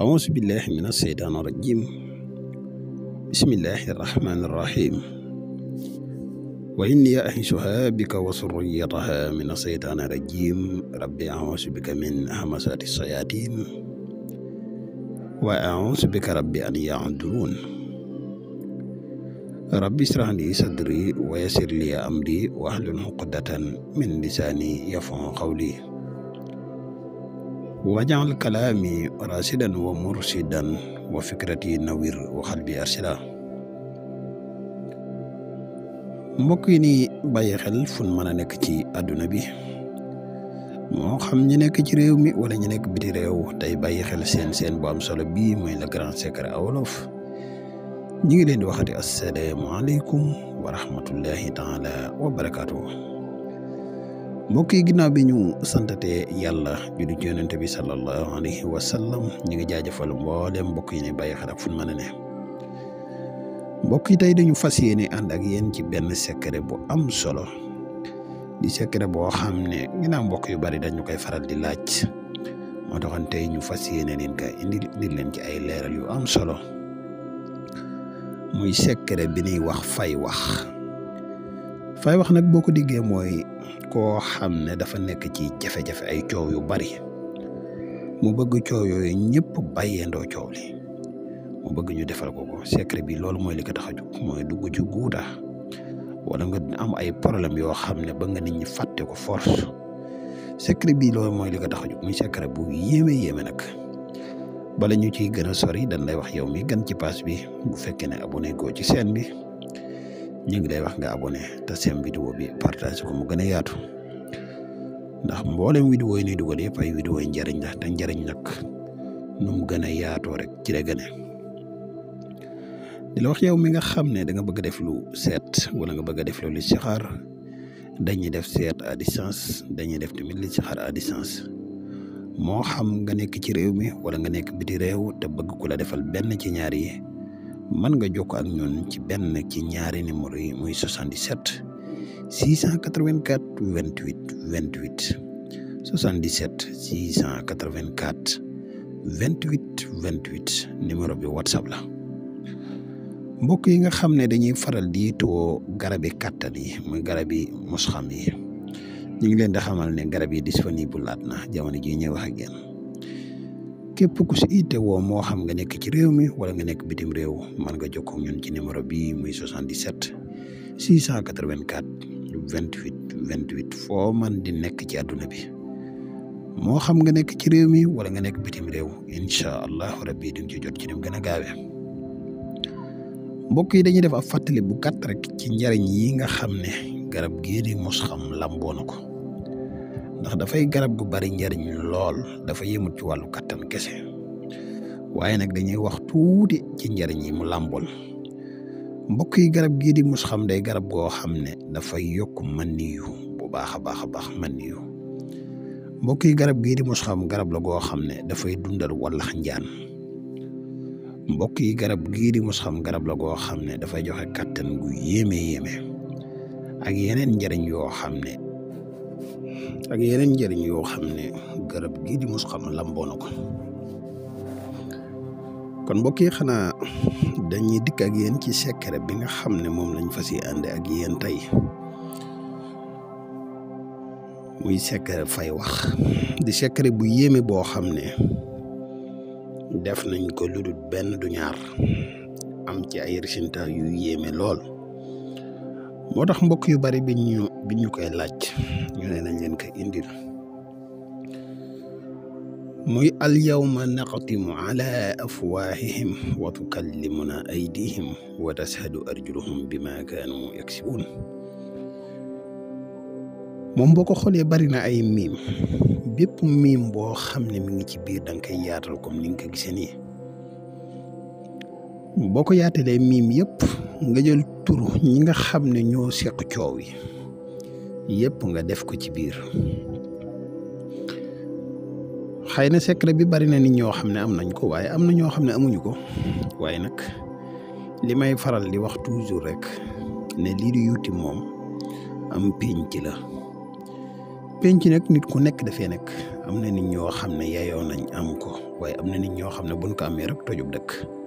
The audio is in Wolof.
أعوذ بالله من الشيطان الرجيم بسم الله الرحمن الرحيم وإني أحسها بك وسريتها من الشيطان الرجيم ربي أعوذ بك من همسات الشياطين وأعوذ بك ربي أن يعدلون ربي اشرح لي صدري ويسر لي أمري واحلل عقدة من لساني يفهم قولي wajal kalaami rasidan wa mursidan wa fikrati nawir wa xalbi arsida mbokk yi ni bàyyi fun mën a nekk ci àdduna bi moo xam ñu nekk ci réew mi wala ñu nekk biti réew tey bàyyi xel seen seen bu am solo bii mooy le grand secret wolof ñu ngi leen di waxati asalaamaaleykum wa rahmatullahi taala wa barakaatu. mbokk yi ginnaaw bi ñu santatee yàlla julli ci yonent bi sallallahu alayhi wa sallam ñu ngi jaajëfal mboolem mbokk yi ne bàyyi xel ak fu mën ne mbokk yi tey dañu fas yéene ànd ak yéen ci benn secret bo am solo di secret boo xam ne ginnaaw mbokk yu bari dañu koy faral di laaj moo taxoon tey ñu fas yéene leen ka indi indil leen ci ay leeral yu am solo muy secret bi ñuy wax fay wax fay wax nag boo ko diggee mooy. koo xam ne dafa nekk ci jafe-jafe ay coow yu bari mu bëgg coow yooyu ñëpp bàyyeendoo coow li mu bëgg ñu defar ko ko secret bi loolu mooy li ko tax a jóg mooy dugg ci guuta wala nga am ay problème yoo xam ne ba nga nit ñi fàtte ko force secret bi loolu mooy li ko tax a jóg muy bu yéeme yéeme nag bala ñu ciy gën a sori dañ lay wax yow mi gën ci paas bi bu fekkee ne abonné goo ci seen bi. ñu ngi lay wax nga abonné ta sem vidéo bi partage ko mu gëna yaatu ndax mboolem vidéo yi ni dugal yëpp ay vidéo yi njëriñ la ta njëriñ nak num gëna yaato rek ci la gën di wax yow mi nga xamné da nga bëgg def lu seet wala nga bëgg def lu xaar dañuy def seet à distance dañuy def tamit xaar à distance mo xam nga nek ci rew mi wala nga nek biti rew te bëgg kula defal ben ci ñaar yi man nga jokk ak ñun ci benn ci ñaari numéro yi muy 77 684 28 28 77 684 28 28 numéro bi whatsapp la mbokk yi nga xam ne dañuy faral di yitoo garabi kàttan yi muy garabi musxam yi ñu ngi leen di xamal ne garab yi disponible laat na jamono ji ñuy wax ak yéen képp ku si itte woo moo xam nga nekk ci réew mi wala nga nekk bitim réew man nga jokkoo ñun ci numéro bii muy 77 684 28 28 foo man di nekk ci àdduna bi moo xam nga nekk ci réew mi wala nga nekk bitim réew incha allah rabbi di ci jot ci dem gën a gaawe mbokk yi dañuy def ab fàttali bu gàtt rek ci njariñ yi nga xam ne garab gii di mos xam lamboo na ko ndax dafay garab gu bari njariñ lool dafa yemut ci walu kattan kese waaye nag dañuy wax tuuti ci njariñ yi mu mbokk yi garab gii di mus xam day garab goo xam ne dafay yokk maniyu bu baax a baax a baax maniyu mbokk yi garab gii di mus xam garab la goo xam ne dafay dundal wallax njaan mbokk yi garab gii di mus xam garab la goo xam ne dafay joxe kattan gu yéeme yéeme ak yeneen njariñ yoo xam ak yeneen njëriñ yoo xam ne garab gii di mus xam lamboo na ko kon mbokk xanaa dañuy dikk ak yéen ci secret bi nga xam ne moom lañ fa see ànd ak yéen tey muy secret fay wax di secret bu yéeme boo xam ne def nañ ko lu benn du ñaar am ci ay résultats yu yéeme lool. motax mbok yu bari bi ñu bi ñu koy laaj ñu ne nañ leen koy indil muy al yawma naqtimu ala afwahihim wa tukallimuna aydihim wa tashhadu arjuluhum bima kanu yaksibun mom boko xole bari na ay mim bépp mim bo xamne mi ngi ci biir dang kay yaatal kom ni nga ko gisee nii boo ko mim yëpp nga jël turu ñi nga xam ne ñoo seq coow yi yëpp nga def ko ci biir xëy na secret bi bari na nit ñoo xam ne am nañ ko waaye am na ñoo xam ne amuñu ko waaye nag li may faral di wax toujours rek ne lii di yuuti moom am pénc la pénc nag nit ku nekk dafee nekk am na nit ñoo xam ne yeyoo nañ am ko waaye am na nit ñoo xam ne buñ ko amee rek tojub dëkk